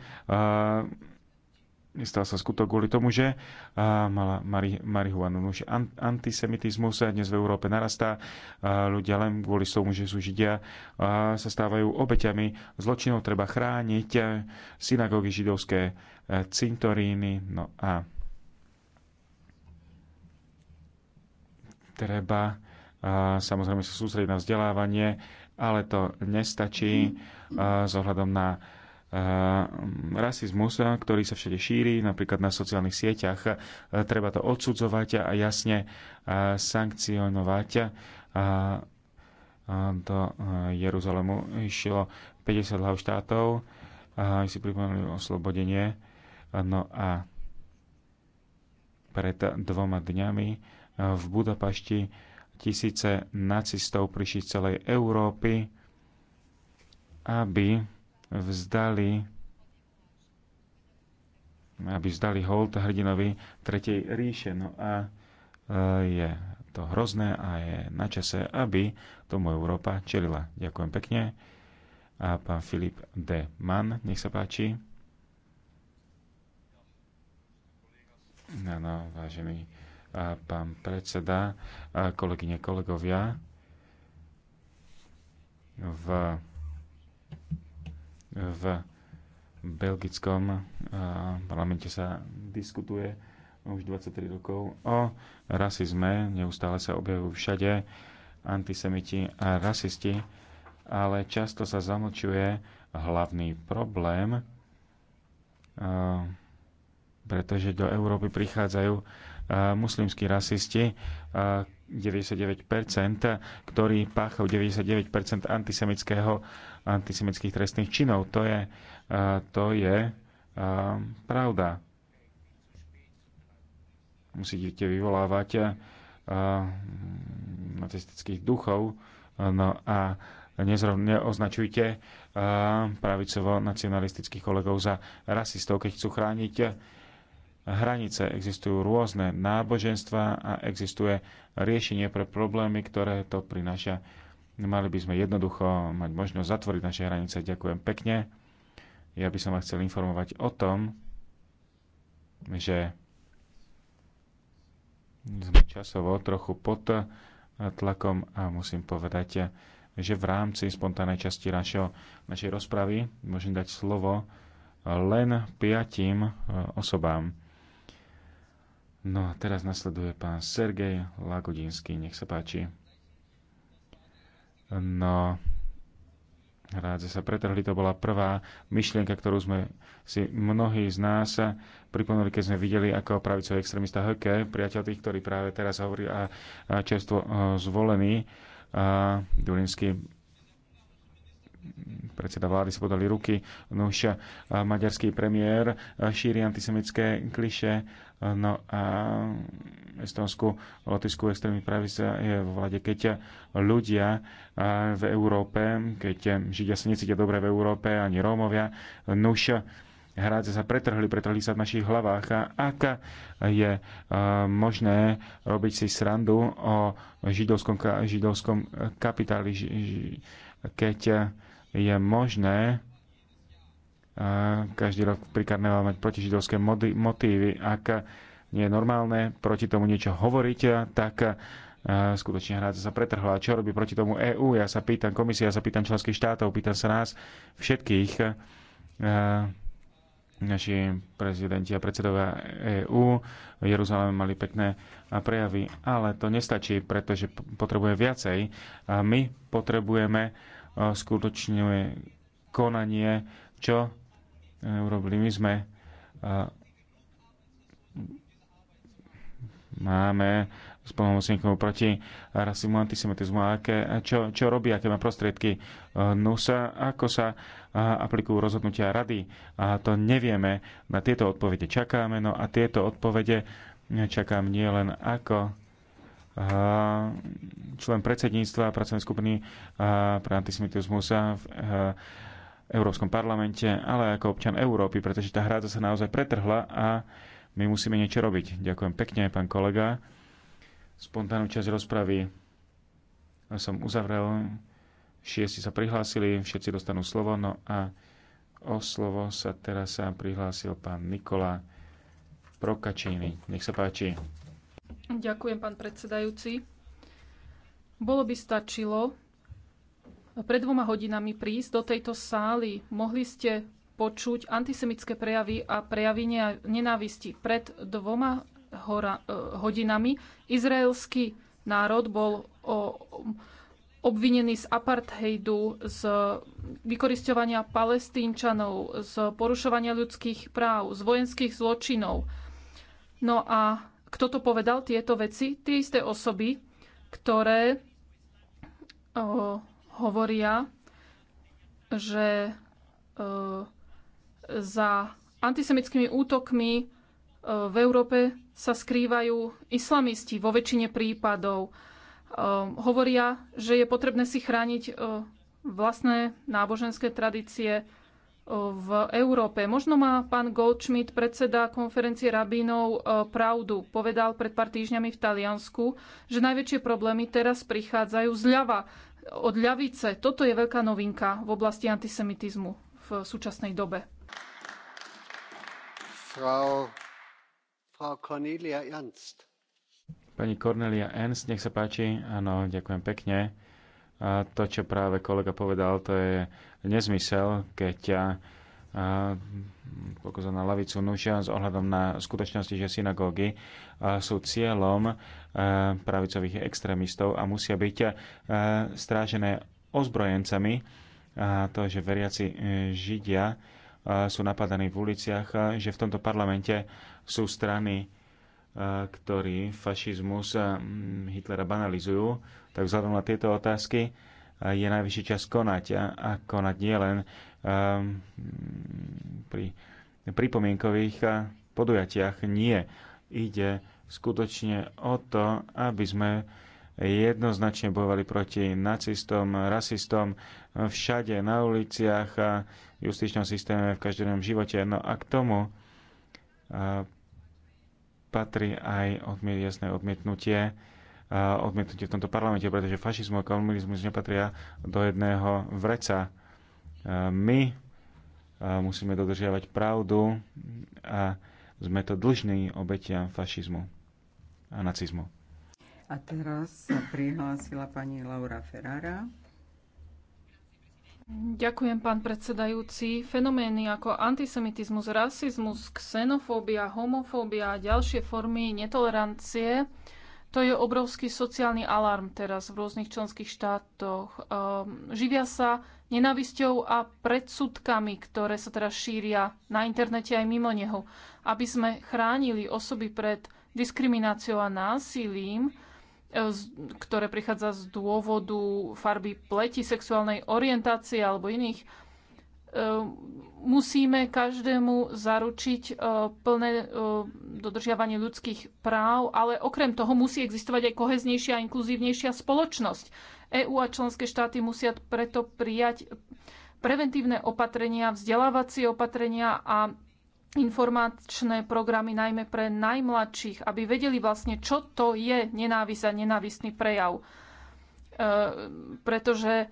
stal sa skutok kvôli tomu, že mala mari, marihuanu. Už antisemitizmus dnes v Európe narastá. Ľudia len kvôli tomu, že sú židia, sa stávajú obeťami. Zločinov treba chrániť. Synagógy židovské, cintoríny. No a treba samozrejme sa sústrediť na vzdelávanie, ale to nestačí s ohľadom na Mm, rasizmus, ktorý sa všade šíri, napríklad na sociálnych sieťach. Treba to odsudzovať a jasne sankcionovať. Do Jeruzalemu išlo 50 hlav štátov, aby si pripomenuli oslobodenie. No a pred dvoma dňami v Budapešti tisíce nacistov prišli z celej Európy, aby vzdali aby vzdali hold hrdinovi Tretej ríše. No a e, je to hrozné a je na čase, aby tomu Európa čelila. Ďakujem pekne. A pán Filip D. Mann, nech sa páči. Áno, vážený a pán predseda, a kolegyne, kolegovia. V v belgickom eh, parlamente sa diskutuje už 23 rokov o rasizme. Neustále sa objavujú všade antisemiti a rasisti, ale často sa zamlčuje hlavný problém, eh, pretože do Európy prichádzajú eh, muslimskí rasisti, 99%, ktorý páchal 99% antisemického, antisemických trestných činov. To je, to je pravda. Musíte vyvolávať nacistických duchov no a nezrovne označujte pravicovo-nacionalistických kolegov za rasistov, keď chcú chrániť hranice, existujú rôzne náboženstva a existuje riešenie pre problémy, ktoré to prináša. Mali by sme jednoducho mať možnosť zatvoriť naše hranice. Ďakujem pekne. Ja by som vás chcel informovať o tom, že sme časovo trochu pod tlakom a musím povedať, že v rámci spontánnej časti našo, našej rozpravy môžem dať slovo len piatim osobám. No a teraz nasleduje pán Sergej Lagodinský, nech sa páči. No, rád sa pretrhli, to bola prvá myšlienka, ktorú sme si mnohí z nás pripomenuli, keď sme videli, ako pravicový extrémista Höke, priateľ tých, ktorí práve teraz hovorí a čerstvo e, zvolený, Dulinsky predseda vlády si podali ruky, už eh, maďarský premiér eh, šíri antisemické kliše, eh, no a Estonsku, Lotisku extrémny sa je vo vlade, keď ľudia v Európe, keď Židia sa necítia dobre v Európe, ani Rómovia, už hráce sa pretrhli, pretrhli sa v našich hlavách a ak je možné robiť si srandu o židovskom, židovskom kapitáli, keď je možné každý rok pri karnevale mať protižidovské motívy. Ak nie je normálne proti tomu niečo hovoriť, tak skutočne hráca sa pretrhla. Čo robí proti tomu EÚ? Ja sa pýtam komisia, ja sa pýtam členských štátov, pýtam sa nás všetkých. Naši prezidenti a predsedovia EÚ v Jeruzaleme mali pekné prejavy, ale to nestačí, pretože potrebuje viacej. A my potrebujeme skutočňuje konanie, čo e, urobili my sme. Máme pomocníkom proti rasizmu, antisemitizmu a aké, čo, čo robí, aké má prostriedky e, NUSA, no ako sa aplikujú rozhodnutia rady. A to nevieme. Na tieto odpovede čakáme, no a tieto odpovede čakám nielen ako člen predsedníctva pracovnej skupiny pre antisemitizmus v Európskom parlamente, ale ako občan Európy, pretože tá hráza sa naozaj pretrhla a my musíme niečo robiť. Ďakujem pekne, pán kolega. Spontánnu časť rozpravy som uzavrel. Šiesti sa prihlásili, všetci dostanú slovo, no a o slovo sa teraz sa prihlásil pán Nikola Prokačíny. Nech sa páči. Ďakujem, pán predsedajúci. Bolo by stačilo pred dvoma hodinami prísť do tejto sály. Mohli ste počuť antisemické prejavy a prejavy nenávisti. Pred dvoma hora, eh, hodinami izraelský národ bol o, obvinený z apartheidu, z vykoristovania palestínčanov, z porušovania ľudských práv, z vojenských zločinov. No a kto to povedal, tieto veci? Tie isté osoby, ktoré o, hovoria, že o, za antisemickými útokmi o, v Európe sa skrývajú islamisti vo väčšine prípadov. O, hovoria, že je potrebné si chrániť o, vlastné náboženské tradície, v Európe. Možno má pán Goldschmidt, predseda konferencie rabínov, e, pravdu. Povedal pred pár týždňami v Taliansku, že najväčšie problémy teraz prichádzajú zľava, od ľavice. Toto je veľká novinka v oblasti antisemitizmu v súčasnej dobe. Frau, Frau Cornelia Ernst. Pani Cornelia Ernst, nech sa páči. Áno, ďakujem pekne. A to, čo práve kolega povedal, to je nezmysel, keď ťa pokazal na lavicu nužia s ohľadom na skutočnosti, že synagógy sú cieľom pravicových extrémistov a musia byť strážené ozbrojencami. A to, že veriaci e, Židia sú napadaní v uliciach, že v tomto parlamente sú strany, ktorí fašizmus Hitlera banalizujú, tak vzhľadom na tieto otázky je najvyšší čas konať a, a konať nielen um, ehm, pri pripomienkových podujatiach. Nie. Ide skutočne o to, aby sme jednoznačne bojovali proti nacistom, rasistom, všade na uliciach a justičnom systéme, v každodennom živote. No a k tomu patrí aj odmiet, jasné odmietnutie odmietnutie v tomto parlamente, pretože fašizmus a komunizmus nepatria do jedného vreca. My musíme dodržiavať pravdu a sme to dlžní obetiam fašizmu a nacizmu. A teraz sa prihlásila pani Laura Ferrara. Ďakujem, pán predsedajúci. Fenomény ako antisemitizmus, rasizmus, xenofóbia, homofóbia a ďalšie formy netolerancie to je obrovský sociálny alarm teraz v rôznych členských štátoch. Ehm, živia sa nenávisťou a predsudkami, ktoré sa teraz šíria na internete aj mimo neho. Aby sme chránili osoby pred diskrimináciou a násilím, e, ktoré prichádza z dôvodu farby pleti, sexuálnej orientácie alebo iných Ehm, musíme každému zaručiť e, plné e, dodržiavanie ľudských práv, ale okrem toho musí existovať aj koheznejšia a inkluzívnejšia spoločnosť. EÚ a členské štáty musia preto prijať preventívne opatrenia, vzdelávacie opatrenia a informačné programy najmä pre najmladších, aby vedeli vlastne, čo to je nenávisť a nenávistný prejav. E, pretože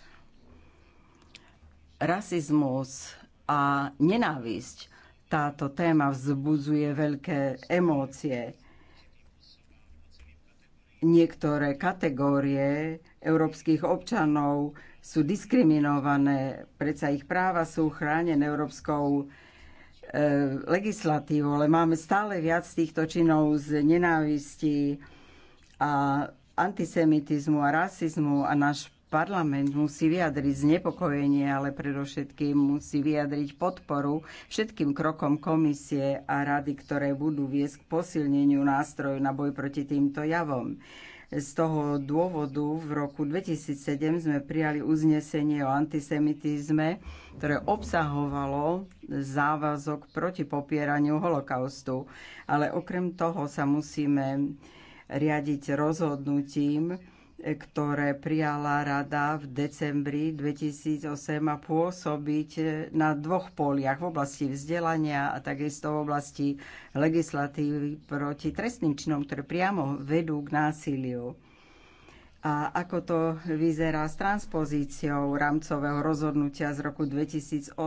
rasizmus a nenávisť. Táto téma vzbudzuje veľké emócie. Niektoré kategórie európskych občanov sú diskriminované, predsa ich práva sú chránené európskou e, legislatívou, ale máme stále viac týchto činov z nenávisti a antisemitizmu a rasizmu a náš Parlament musí vyjadriť znepokojenie, ale predovšetkým musí vyjadriť podporu všetkým krokom komisie a rady, ktoré budú viesť k posilneniu nástrojov na boj proti týmto javom. Z toho dôvodu v roku 2007 sme prijali uznesenie o antisemitizme, ktoré obsahovalo závazok proti popieraniu holokaustu. Ale okrem toho sa musíme riadiť rozhodnutím, ktoré prijala rada v decembri 2008 a pôsobiť na dvoch poliach v oblasti vzdelania a takisto v oblasti legislatívy proti trestným činom, ktoré priamo vedú k násiliu a ako to vyzerá s transpozíciou rámcového rozhodnutia z roku 2008.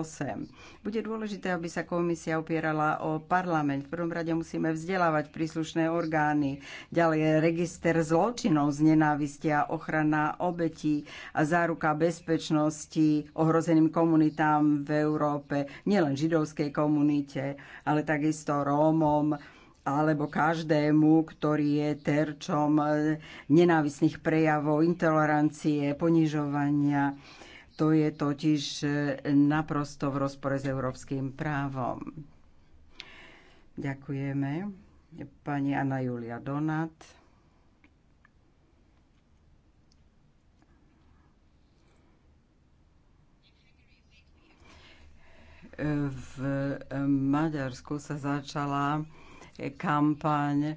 Bude dôležité, aby sa komisia opierala o parlament. V prvom rade musíme vzdelávať príslušné orgány. Ďalej register zločinov z nenávisti a ochrana obetí a záruka bezpečnosti ohrozeným komunitám v Európe, nielen židovskej komunite, ale takisto Rómom, alebo každému, ktorý je terčom nenávisných prejavov, intolerancie, ponižovania. To je totiž naprosto v rozpore s európskym právom. Ďakujeme. Pani Anna Julia Donat. V Maďarsku sa začala kampaň, e,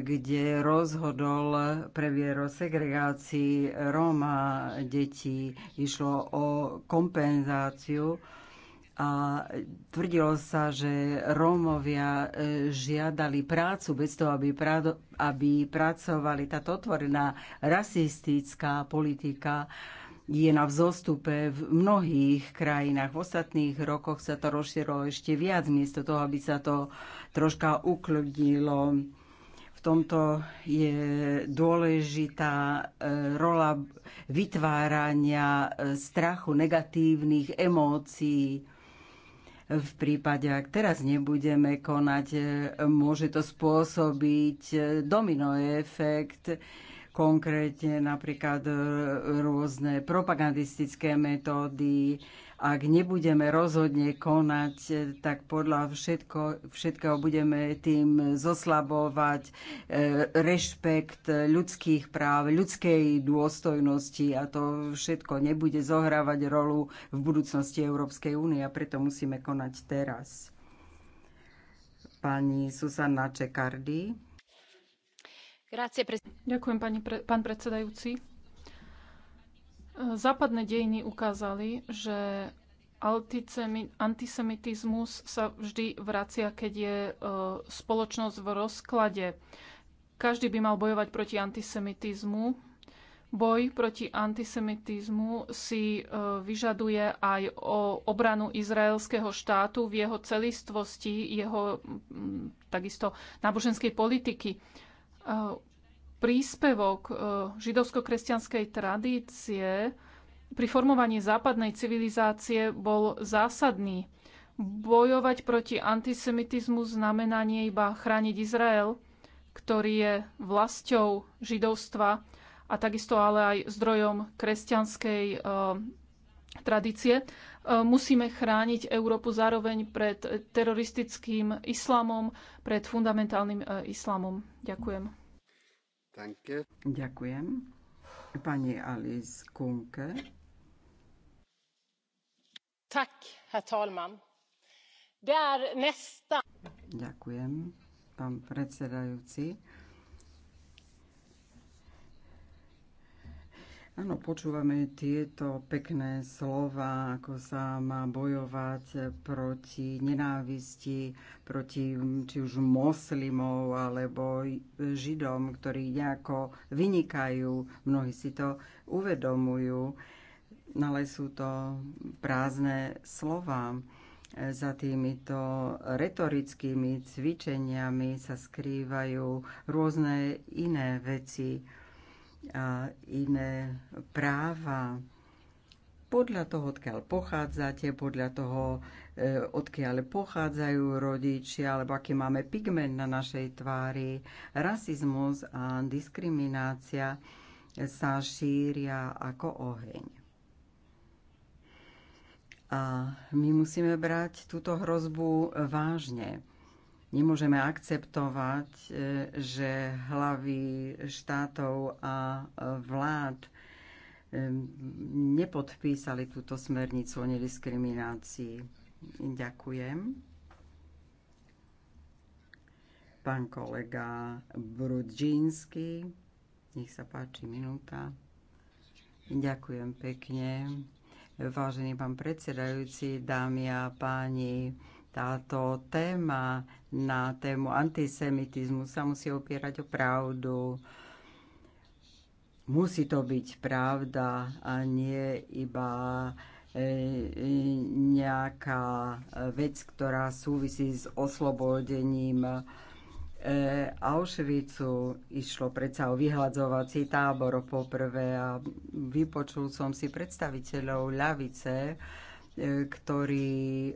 kde rozhodol pre o segregácii Róma detí. Išlo o kompenzáciu a tvrdilo sa, že Rómovia e, žiadali prácu bez toho, aby, aby pracovali. Táto otvorená rasistická politika je na vzostupe v mnohých krajinách. V ostatných rokoch sa to rozširilo ešte viac, miesto toho, aby sa to troška ukludnilo. V tomto je dôležitá e, rola vytvárania e, strachu, negatívnych emócií. V prípade, ak teraz nebudeme konať, e, môže to spôsobiť domino efekt konkrétne napríklad e, rôzne propagandistické metódy. Ak nebudeme rozhodne konať, e, tak podľa všetko, všetkého budeme tým zoslabovať e, rešpekt ľudských práv, ľudskej dôstojnosti a to všetko nebude zohrávať rolu v budúcnosti Európskej únie a preto musíme konať teraz. Pani Susanna Čekardy. Ďakujem, pani pre, pán predsedajúci. E, Západné dejiny ukázali, že antisemitizmus sa vždy vracia, keď je e, spoločnosť v rozklade. Každý by mal bojovať proti antisemitizmu. Boj proti antisemitizmu si e, vyžaduje aj o obranu izraelského štátu v jeho celistvosti, jeho takisto náboženskej politiky príspevok e, židovsko-kresťanskej tradície pri formovaní západnej civilizácie bol zásadný. Bojovať proti antisemitizmu znamená nie iba chrániť Izrael, ktorý je vlastou židovstva a takisto ale aj zdrojom kresťanskej e, tradície, E, musíme chrániť Európu zároveň pred teroristickým islamom, pred fundamentálnym e, islamom. Ďakujem. Danke. Ďakujem. Pani Alice Kunke. Tak, herr talman. Der är nästa... Ďakujem, pán predsedajúci. Áno, počúvame tieto pekné slova, ako sa má bojovať proti nenávisti, proti či už moslimov alebo židom, ktorí nejako vynikajú. Mnohí si to uvedomujú, ale sú to prázdne slova. Za týmito retorickými cvičeniami sa skrývajú rôzne iné veci a iné práva podľa toho, odkiaľ pochádzate, podľa toho, e, odkiaľ pochádzajú rodičia, alebo aký máme pigment na našej tvári. Rasizmus a diskriminácia sa šíria ako oheň. A my musíme brať túto hrozbu vážne Nemôžeme akceptovať, e, že hlavy štátov a e, vlád e, nepodpísali túto smernicu o nediskriminácii. Ďakujem. Pán kolega Brudžínsky, nech sa páči, minúta. Ďakujem pekne. Vážený pán predsedajúci, dámy a páni, táto téma na tému antisemitizmu sa musí opierať o pravdu. Musí to byť pravda a nie iba e, nejaká vec, ktorá súvisí s oslobodením e, Auschwitzu išlo predsa o vyhľadzovací tábor poprvé a vypočul som si predstaviteľov ľavice, ktorí e,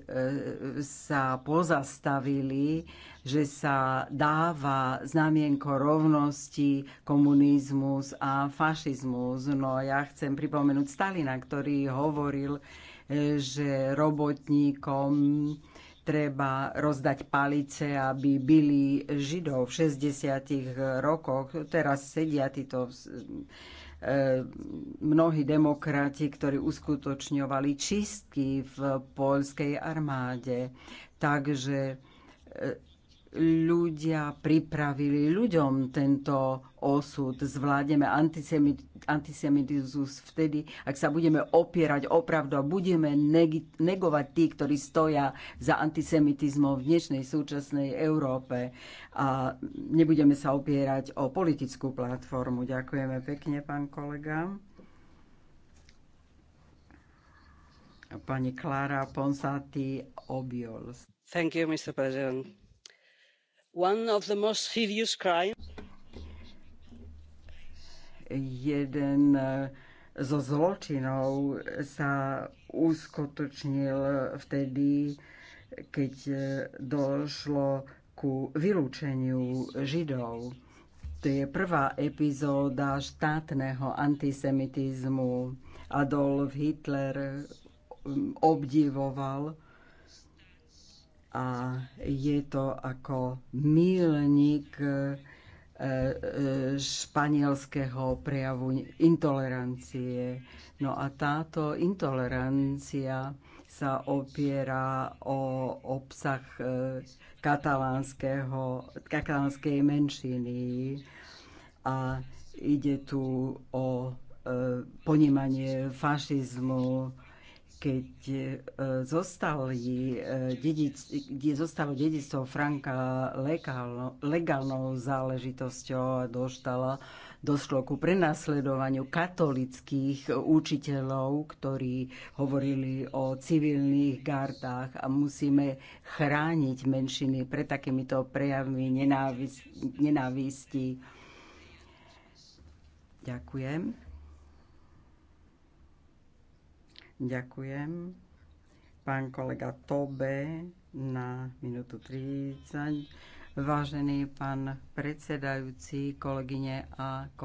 sa pozastavili, že sa dáva znamienko rovnosti komunizmus a fašizmus. No ja chcem pripomenúť Stalina, ktorý hovoril, e, že robotníkom treba rozdať palice, aby byli Židov v 60. rokoch. Teraz sedia títo E, mnohí demokrati, ktorí uskutočňovali čistky v poľskej armáde. Takže e, ľudia pripravili ľuďom tento osud. Zvládneme antisemit, antisemitizmus vtedy, ak sa budeme opierať opravdu a budeme negovať tí, ktorí stoja za antisemitizmom v dnešnej súčasnej Európe a nebudeme sa opierať o politickú platformu. Ďakujeme pekne, pán kolega. Pani Klára Ponsati Obiols. Thank you, Mr. President. Jeden e, zo zločinov sa uskutočnil vtedy, keď e, došlo ku vylúčeniu Židov. To je prvá epizóda štátneho antisemitizmu. Adolf Hitler obdivoval a je to ako mílnik e, e, španielského prejavu intolerancie. No a táto intolerancia sa opiera o obsah e, katalánskeho, katalánskej menšiny a ide tu o ponímanie fašizmu, keď e, zostali e, dedic, zostalo dedictvo Franka legálno, legálnou záležitosťou a doštala, došlo ku prenasledovaniu katolických učiteľov, ktorí hovorili o civilných gardách a musíme chrániť menšiny pred takýmito prejavmi nenávisti. nenávisti. Ďakujem. Ďakujem. Pán kolega Tobe na minútu 30. Vážený pán predsedajúci, kolegyne a kolegy.